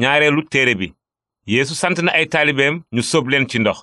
ñaareelu téere bi yéesu sant na ay taalibeem ñu sóob leen ci ndox